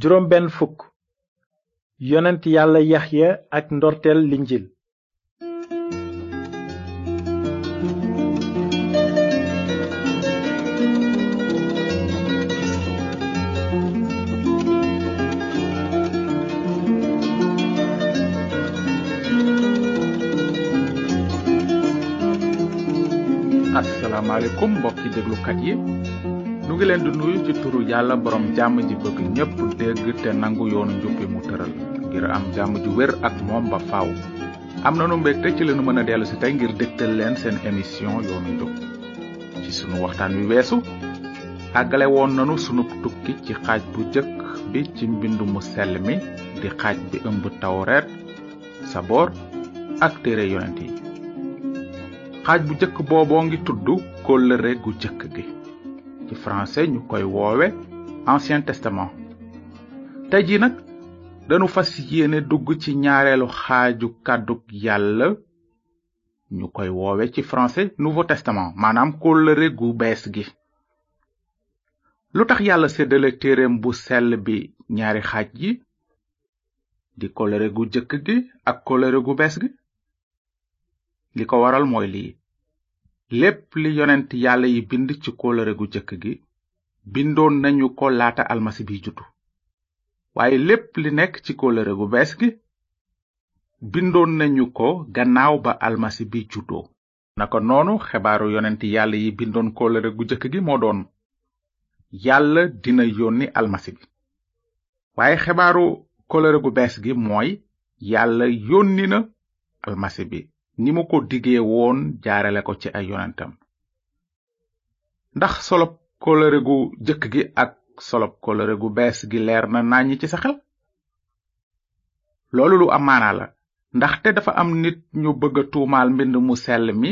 juróom benn fukk yonent yàlla ya ak ndorteel linjil asalaamaaleykum mbokki déglukat yi nu ngi leen di nuyu ci turu yàlla borom jàmm ji bëgg ñépp dégg te nangu yoonu njub mu tëral ngir am jàmm ju wér ak moom ba faaw am nu mbégte ci leenu mën a dellu si tey ngir dégtal leen seen émission yoonu njub ci sunu waxtaan wi weesu àggale woon nanu sunu tukki ci xaaj bu jëkk bi ci mbindu mu sell mi di xaaj bi ëmb tawreet boor ak téere yonent yi xaaj bu jëkk booboo ngi tudd kóllëre gu jëkk gi ci français ñu koy woowe ancien testament tey jii nag dañu fas yéene dugg ci ñaareelu xaaju kàddug yàlla ñu koy woowe ci français nouveau testament maanaam kóllëre gu bees gi lu tax yàlla séddale téereem bu sell bi ñaari xaaj yi di kóllëre gu jëkk gi ak kóllëre gu bees gi li ko waral mooy lii lépp li yonent yàlla yi bind ci kóllëre gu jëkk gi bindoon nañu ko laata almasi bi juddu waaye lépp li nekk ci kóllëre gu bees gi bindoon nañu ko gannaaw ba almasi bi juddoo naka noonu xebaaru yonent yàlla yi bindoon kóllëre gu jëkk gi moo doon yàlla dina yónni almasi bi waaye xebaaru kóllëre gu bees gi mooy yàlla yónni na almasi bi ni mu ko digee woon jaarale ko ci ay yonentam ndax solob kolëre gu jëkk gi ak solob kolëre gu bees gi leer na naññ ci sa loolu lu am maanaa la ndaxte dafa am nit ñu bëgg a tuumaal mbind mu sell mi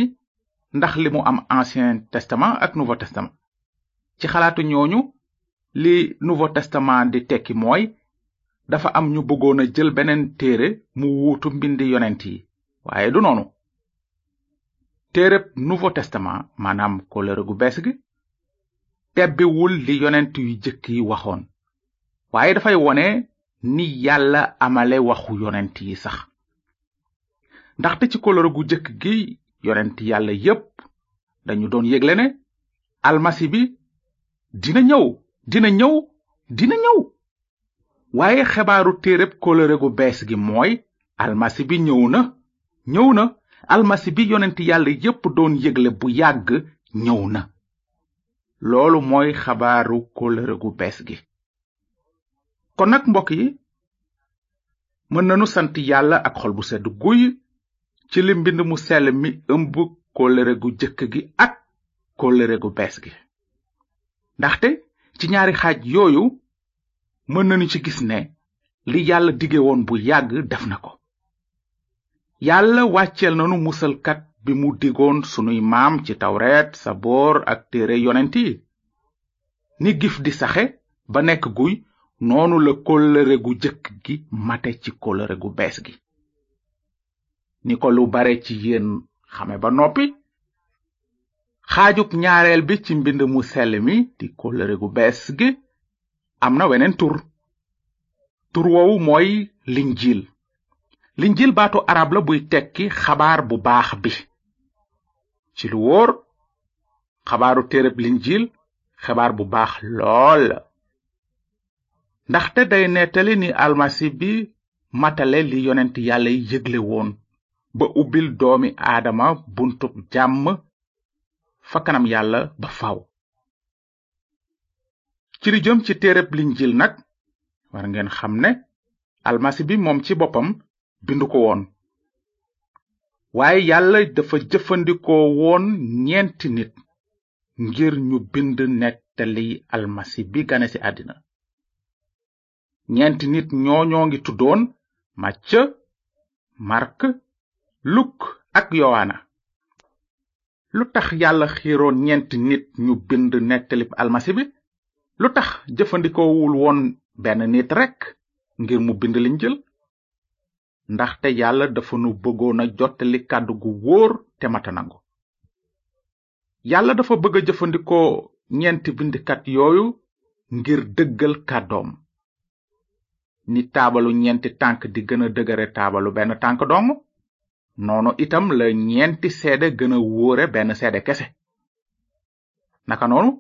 ndax li mu am ancien testament ak nouveau testament ci xalaatu ñooñu li nouveau testament di tekki mooy dafa am ñu bëggoon a jël beneen téere mu wuutu mbindi yonent yi waaye du noonu téereb nouveau testament maanaam kolëre gu bees gi tebbiwul li yonent yu jëkk yi waxoon waaye dafay wone ni yàlla amale waxu yonent yi sax ndaxte ci kolëre gu jëkk gi yonent yàlla yépp dañu doon yégle ne almasi bi dina ñëw dina ñëw dina ñëw waaye xebaaru téereb kolëre gu bees gi mooy almasi bi ñëw na ñëw na almasi bi yonent yàlla yépp doon yëgle bu yàgg ñëw na loolu mooy xabaaru kóllëre gu bees gi kon nag mbokk yi mën nanu sant yàlla ak xol bu sedd guy ci li mbind mu sell mi ëmb kóllëre gu jëkk gi ak kóllëre gu bees gi ndaxte ci ñaari xaaj yooyu mën nanu ci gis ne li yàlla dige woon bu yàgg def na ko yàlla wàcceel nanu musalkat bi mu digoon sunuy maam ci tawreet saboor ak téere yonent yi ni gif di saxe ba nekk guy noonu la kóllëre gu jëkk gi mate ci kóllëre gu bees gi ni ko lu bare ci yéen xame ba noppi xaajub ñaareel bi ci mbind mu sell mi di kóllëre gu bees gi am na weneen tur tur woowu mooy jiil linjil baatu arab la buy tekki xabaar bu baax bi ci lu wóor xabaaru téereb linjil xabaar bu baax lool la ndaxte day nettali ni almasi bi matale li yonent yàlla yi yëgle woon ba ubbil doomi aadama buntub jàmm fa kanam yàlla ba faw ci li jëm ci téereb linjil nag war ngeen xam ne almasi bi moom ci boppam bindu ko woon waaye yàlla dafa jëfandikoo woon ñeenti nit ngir ñu bind nettali almasi bi gane ci àddina ñeenti nit ñooñoo ngi tuddoon màcc mark luk ak yowaana lu tax yàlla xiiroon ñeenti nit ñu bind nettalib almasi bi lu tax jëfandikoowul woon benn nit rekk ngir mu bind liñ jël ndaxte yàlla dafa nu bëggoon a jottali kàddu gu wóor te mata nangu yàlla dafa bëgg a jëfandikoo ñeenti bindkat yooyu ngir dëggal kaddoom ni taabalu ñeenti tànk di gën a taabalu benn tànk doom noonu itam la ñeenti seede gën a wóore benn seede kese naka noonu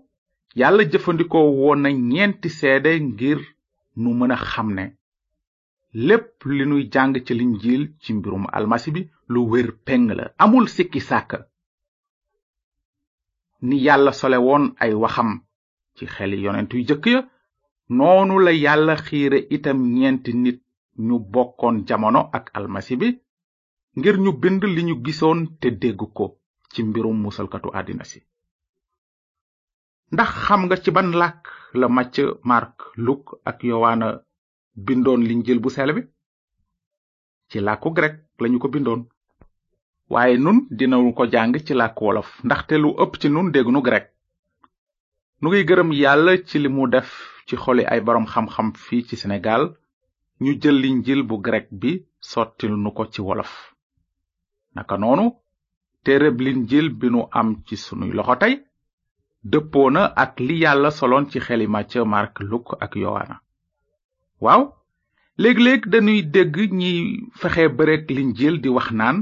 yàlla jëfandikoo woon na ñeenti seede ngir nu mën a xam ne lépp li nuy jàng ci linjiil ci mbirum almasi bi lu wér peng la amul sikki sàkk ni yàlla sole woon ay waxam ci xeli yonent yu jëkk ya noonu la yàlla xiire itam ñeenti nit ñu bokkoon jamono ak almasi bi ngir ñu bind li ñu gisoon te dégg ko ci mbirum musalkatu àddina si ndax xam nga ci ban làkk la màcc mark luk ak yowaana bindoon linjil bu seel bi ci làkku grek lañu ko bindoon waaye nun dinawu ko jàng ci làkk wolof ndaxte lu ëpp ci nun nu grek nu ngiy gërëm yàlla ci li mu def ci xoli ay boroom xam-xam fii ci Senegaal ñu jël linjil bu grek bi sottil nu ko ci wolof naka noonu téereb linjil bi nu am ci sunuy loxo tey dëppoona ak li yàlla soloon ci xeli Macë Mark Luk ak Yowaana waaw léeg-léeg dañuy dégg ñiy fexe bare bërek linjil di wax naan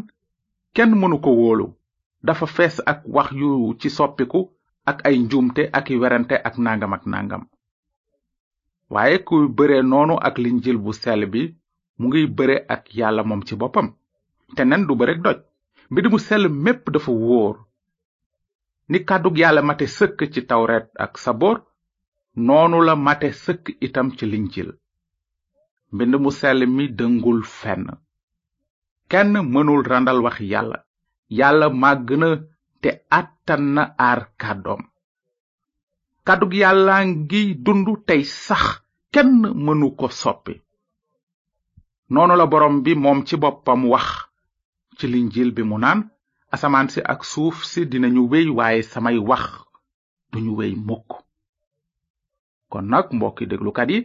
kenn mënu ko wóolu dafa fees ak wax yu ci soppiku ak ay njuumte ak i werante ak nangam ak nangam waaye ku bëre noonu ak linjil bu sell bi mu ngi bëre ak yàlla moom ci boppam te nen du bërek doj mbir mu sell mépp dafa wóor ni kàddug yàlla mate sëkk ci tawret ak saboor noonu la mate sëkk itam ci linjil mbind mu sell mi dëngul fenn kenn mënul randal wax yàlla yàlla màgg na te àttan na aar kàddoom kàddug yàlla ngi dund tey sax kenn mënu ko soppi noonu la borom bi moom ci boppam wax ci linjil bi mu naan asamaan si ak suuf si dinañu wéy waaye samay wax duñu wéy mukk kon nag mbokki déglukat yi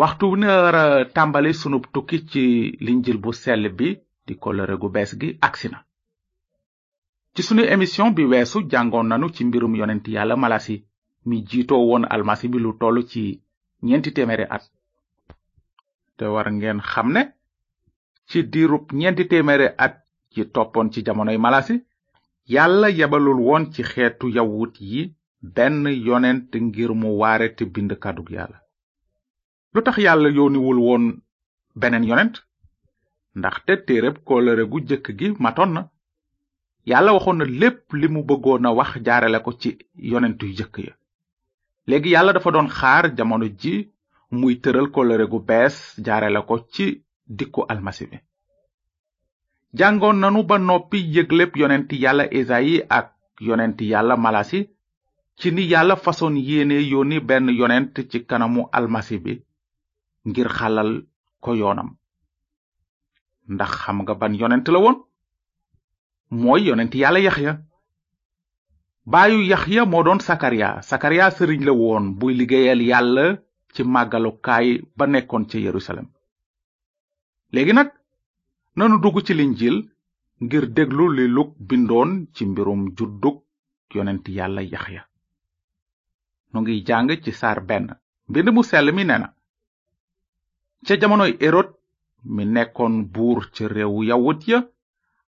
waxtu wu wara tàmbali sunub tukki ci linjil bu sell bi di kolore gu bees gi agsi na ci sunu émission bi weesu jàngoon nanu ci mbirum yonent yàlla malasi mi jiitoo woon almasi bi lu toll ci ñeenti téeméeri at te war ngeen xam ne ci diirub ñeenti téeméeri at ci toppoon ci jamonoy malasi yàlla yabalul woon ci xeetu yawut yi benn yonent ngir mu waare te bind kàddug yàlla lu tax yàlla yóoniwul woon beneen yonent ndaxte téereb kóllëre gu jëkk gi matoon na yàlla waxoon na lépp li mu bëggoon a wax jaarale ko ci yonent yu jëkk yi léegi yàlla dafa doon xaar jamono ji muy tëral kóllëre gu bees jaarale ko ci dikku almasi bi jàngoon nanu ba noppi yëgleb yonent yàlla esayi ak yonent yàlla malasi ci ni yàlla façon yéene yoni benn yonent ci kanamu almasi bi ngir xalal ko yoonam ndax xam nga ban yonent la woon mooy yonent yàlla yahya baayu sakaria moo doon sakaria sakaria sëriñ la woon buy liggéeyal yàlla ci màggalukaay ba nekkoon ca yerusalem léegi nag nanu dugg ci jil ngir déglu li luk bindoon ci mbirum judduk yonent yàlla yahya, nu ngi jàng ci saar benn mbind mu sell mi nena ca jamonoy erod mi nekkoon buur ca réew yawut ya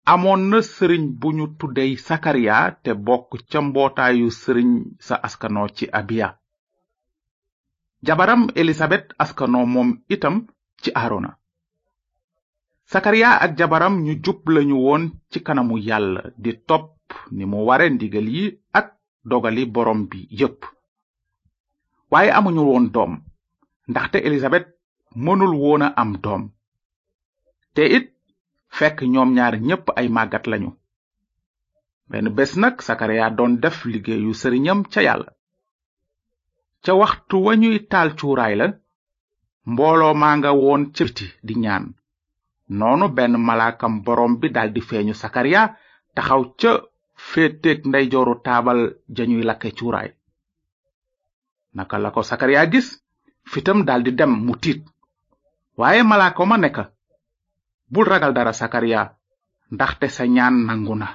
amoon na sëriñ bu ñu tuddey sakariya te bokk ca mbootaayu sëriñ sa askanoo ci abiya jabaram elisabet askanoo moom itam ci aarona sakariya ak jabaram ñu jub lañu woon ci kanamu yàlla di topp ni mu ware ndigal yi ak dogali borom bi yépp waaye amuñu woon doom ndaxte elisabet mënul woon a am doom te it fekk ñoom ñaar ñépp ay màggat lañu benn bés nag sakariya doon def liggéeyu sëriñam ca yàlla ca waxtu wa ñuy taal cuuraay la mbooloo maa nga woon ca biti di ñaan noonu benn malaakam boroom bi daldi feeñu sakariya taxaw ca féeteeg ndeyjooru taabal ja ñuy lakke cuuraay naka la ko sakariya gis fitam daldi dem mu tiit waaye ko ma nekk bul ragal dara sakaria. ndaxte sa ñaan nangu na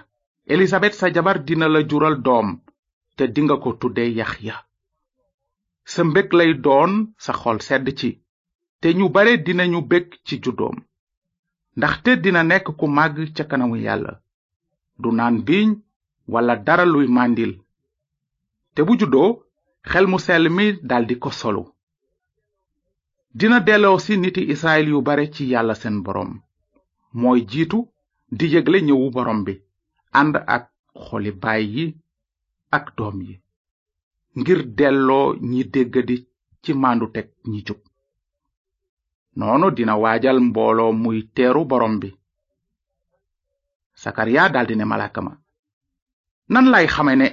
sa jabar dina la jural doom te dinga ko yahia. Sembek sa mbég lay doon sa xol sedd ci te ñu bare dinañu bég ci juddoom ndaxte dina nekk ku màgg ca kanamu yàlla du naan biiñ wala dara luy màndil te bu juddoo xel mu sell mi daldi ko solu dina delloo si niti israyil yu bare ci yàlla seen borom mooy jiitu di yëgle ñëwu borom bi ànd ak xoli baay yi ak doom yi ngir delloo ñi dégg di ci màndu teg ñi jub noonu dina waajal mbooloo muy teeru borom bi sakariya daldi ne malaaka ma nan lay xame ne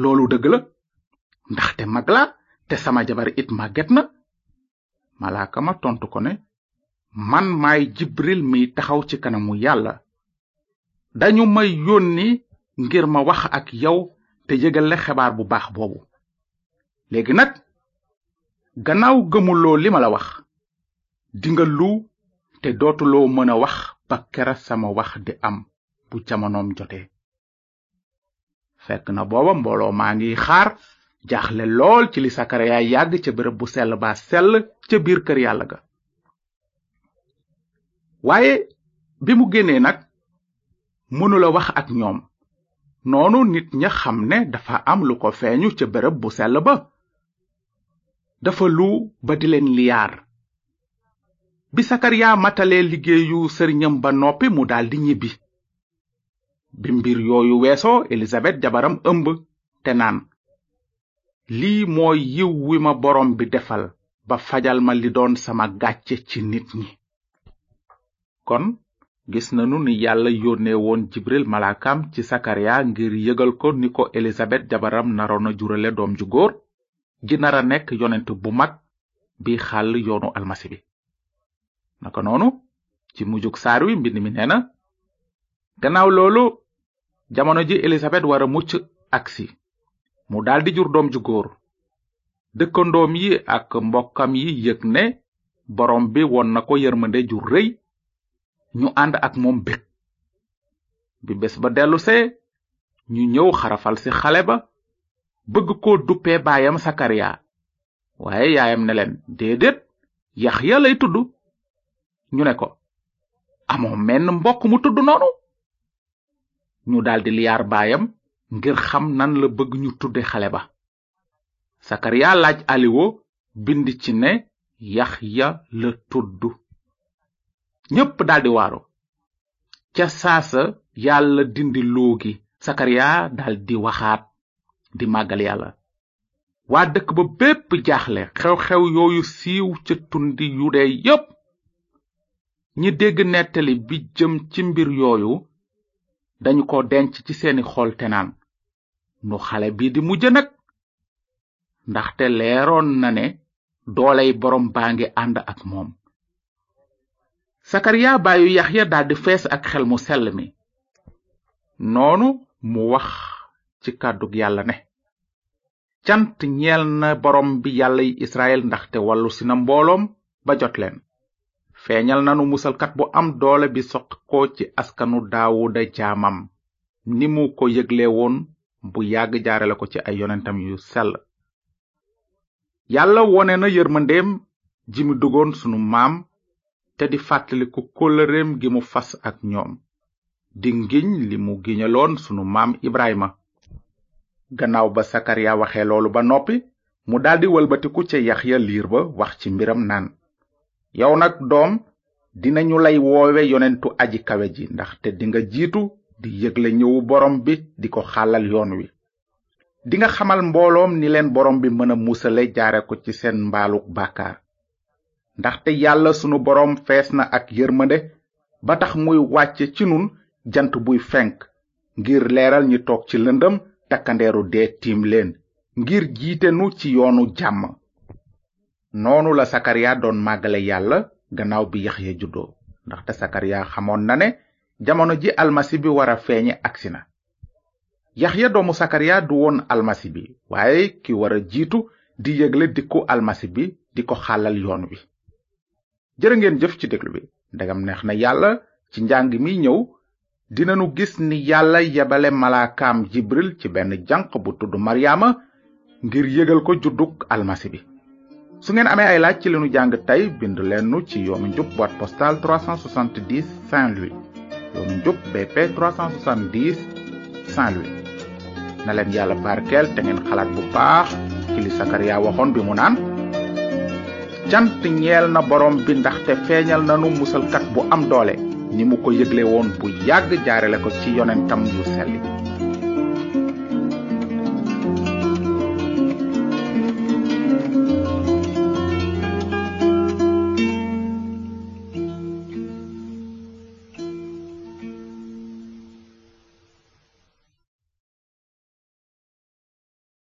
loolu dëgg la ndaxte mag la te sama jabar it màgget na malaaka ma tontu ko ne man may jibril mi taxaw ci kanamu yàlla dañu may yónni ngir ma wax ak yow te yëgale xebaar bu baax boobu léegi nag gannaaw gëmuloo li ma la wax dinga lu te dootuloo mën a wax ba kera sama wax di am bu jamonoom jotee fekk na booba mbooloo maa ngi xaar jaaxle lool ci li sakariya yàgg ca bërëb bu sell ba sell ca biir kër yàlla ga waaye bi mu génnee nag mënula wax ak ñoom noonu nit ña xam ne dafa am lu ko feeñu ca bërëb bu sell ba dafa lu ba di leen liyaar bi sakarya matalee liggéeyu sëriñam ba noppi mu daldi ñibbi bi mbir yooyu weesoo elisabet jabaram ëmb te naan lii mooy yiw wi ma boroom bi defal ba fajal ma li doon sama gàcce ci nit ñi kon gis nanu ni yàlla yónnee woon jibril malaakam ci sakariya ngir yëgal ko ni ko elisabet jabaram naroon a jurale doom ju góor ji a nekk yonent bu mag bi xàll yoonu almasi bi naka noonu ci mujjug saar wi mbind mi nee na gannaaw loolu jamono ji elisabet wara mucc agsi mu daldi jur doom ju góor dëkkandoom yi ak mbokkam yi yëg ne boroom bi won na ko yërmande ju rëy ñu ànd ak moom bég bi bés ba dellusee ñu ñëw xarafal si xale ba bëgg ko duppee baayam sakariya waaye yaayam ne leen déedéet yaxya yalay tudd ñu ne ko amoo menn mbokk mu tudd noonu ñu daldi liyaar baayam ngir xam nan la bëgg ñu tudde xale ba sakariya laaj aliwo bind ci ne ya la tudd ñépp daldi waaru ca saasa yàlla dindi loo gi sakariya daldi waxaat di màggal yàlla waa dëkk ba bépp jaaxle xew-xew yooyu siiw ca tundi yude yépp ñi dégg nettali bi jëm ci mbir yooyu dañu ko denc ci seeni xool te naan nu xale bi di mujj nag ndaxte leeroon na ne dooley borom baa ngi ànd ak moom sakariya baayu yaxya di fees ak xel mu sell mi noonu mu wax ci kàddug yàlla ne cant ñeel na borom bi yàlla yi israel ndaxte wàllu si na mbooloom ba jot leen feeñal nanu musalkat bu am doole bi soq ko ci askanu daawuda jaamam ni mu ko yëgle woon bu yàgg jaarale ko ci ay yonentam yu sell yàlla wone na yërmandeem ji mi dugoon sunu maam te di fàttaliku kóllëreem gi mu fas ak ñoom di ngiñ li mu giñaloon sunu maam ibrahima gannaaw ba sakariya waxe loolu ba noppi mu daldi wëlbatiku ca yaxya liir ba wax ci mbiram naan yow nag doom dinañu lay woowe yonentu aji kawe ji ndaxte dinga jiitu di yëgle ñëwu borom bi di ko xàllal yoon wi di nga xamal mbooloom ni leen borom bi mën a musale jaare ko ci seen mbaaluk bàkkaar ndaxte yàlla sunu borom fees na ak yërmande ba tax muy wàcce ci nun jant buy fenk ngir leeral ñi toog ci lëndëm takkandeeru dee tiim leen ngir jiitenu nu ci yoonu jàmm noonu la sakariya doon màggale yàlla gannaaw bi ya juddoo ndaxte sakariya xamoon na ne jamono ji almasi bi wara feeñe aksina na yaxya doomu sakariya du woon almasi bi waaye ki wara jiitu di yëgle dikku almasi bi di ko xàllal yoon wi jërë ngeen jëf ci déglu bi ndegam neex na yàlla ci njàng mi ñëw dinanu gis ni yàlla yebale malaakaam jibril ci benn janq bu tudd maryaama ngir yëgal ko judduk almasi bi su ngeen amee ay laaj ci li nu jàng tey bind leen nu ci njub boîte postale 370 saint louis yoonu njub BP 370 Saint Louis na leen yàlla barkeel te ngeen xalaat bu baax ci li Sakaria waxoon bi mu naan cant ñeel na borom bi ndaxte feeñal nanu musalkat bu am doole ni mu ko yëgle woon bu yàgg jaarale ko ci yonentam yu selli